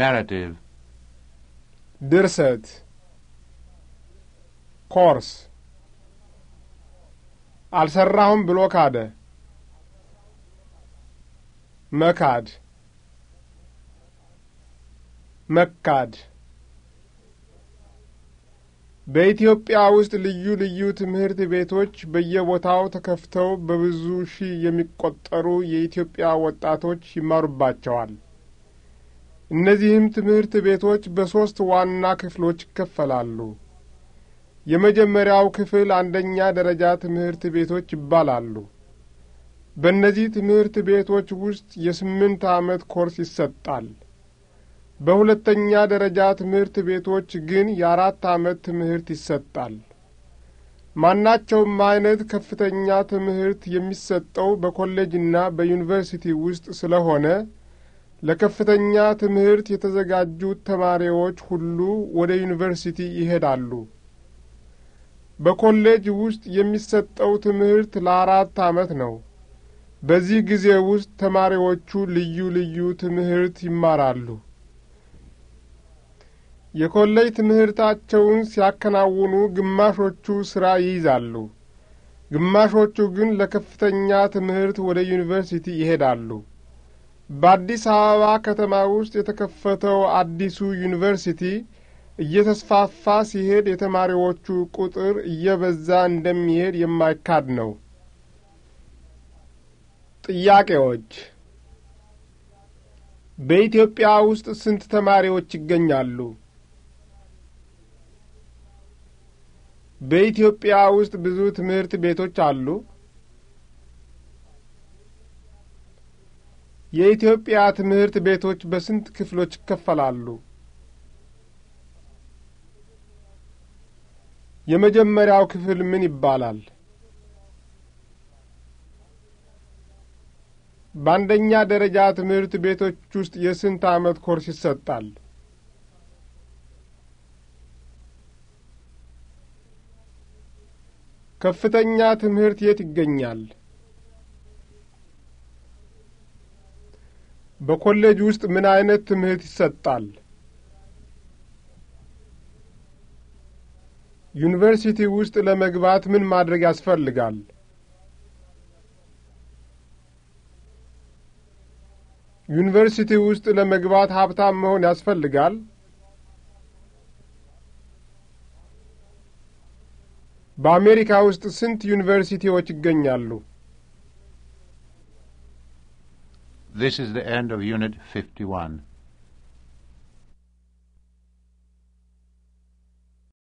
narrative ድርሰት ኮርስ አልሰራሁም ብሎ ካደ። መካድ መካድ በኢትዮጵያ ውስጥ ልዩ ልዩ ትምህርት ቤቶች በየቦታው ተከፍተው በብዙ ሺህ የሚቆጠሩ የኢትዮጵያ ወጣቶች ይማሩባቸዋል። እነዚህም ትምህርት ቤቶች በሦስት ዋና ክፍሎች ይከፈላሉ። የመጀመሪያው ክፍል አንደኛ ደረጃ ትምህርት ቤቶች ይባላሉ። በእነዚህ ትምህርት ቤቶች ውስጥ የስምንት ዓመት ኮርስ ይሰጣል። በሁለተኛ ደረጃ ትምህርት ቤቶች ግን የአራት ዓመት ትምህርት ይሰጣል። ማናቸውም አይነት ከፍተኛ ትምህርት የሚሰጠው በኮሌጅና በዩኒቨርሲቲ ውስጥ ስለሆነ ለከፍተኛ ትምህርት የተዘጋጁት ተማሪዎች ሁሉ ወደ ዩኒቨርሲቲ ይሄዳሉ። በኮሌጅ ውስጥ የሚሰጠው ትምህርት ለአራት ዓመት ነው። በዚህ ጊዜ ውስጥ ተማሪዎቹ ልዩ ልዩ ትምህርት ይማራሉ። የኮሌጅ ትምህርታቸውን ሲያከናውኑ ግማሾቹ ሥራ ይይዛሉ፣ ግማሾቹ ግን ለከፍተኛ ትምህርት ወደ ዩኒቨርሲቲ ይሄዳሉ። በአዲስ አበባ ከተማ ውስጥ የተከፈተው አዲሱ ዩኒቨርሲቲ እየተስፋፋ ሲሄድ የተማሪዎቹ ቁጥር እየበዛ እንደሚሄድ የማይካድ ነው። ጥያቄዎች በኢትዮጵያ ውስጥ ስንት ተማሪዎች ይገኛሉ? በኢትዮጵያ ውስጥ ብዙ ትምህርት ቤቶች አሉ። የኢትዮጵያ ትምህርት ቤቶች በስንት ክፍሎች ይከፈላሉ? የመጀመሪያው ክፍል ምን ይባላል? በአንደኛ ደረጃ ትምህርት ቤቶች ውስጥ የስንት ዓመት ኮርስ ይሰጣል? ከፍተኛ ትምህርት የት ይገኛል? በኮሌጅ ውስጥ ምን አይነት ትምህርት ይሰጣል? ዩኒቨርሲቲ ውስጥ ለመግባት ምን ማድረግ ያስፈልጋል? ዩኒቨርሲቲ ውስጥ ለመግባት ሀብታም መሆን ያስፈልጋል? በአሜሪካ ውስጥ ስንት ዩኒቨርሲቲዎች ይገኛሉ? This is the end of Unit 51.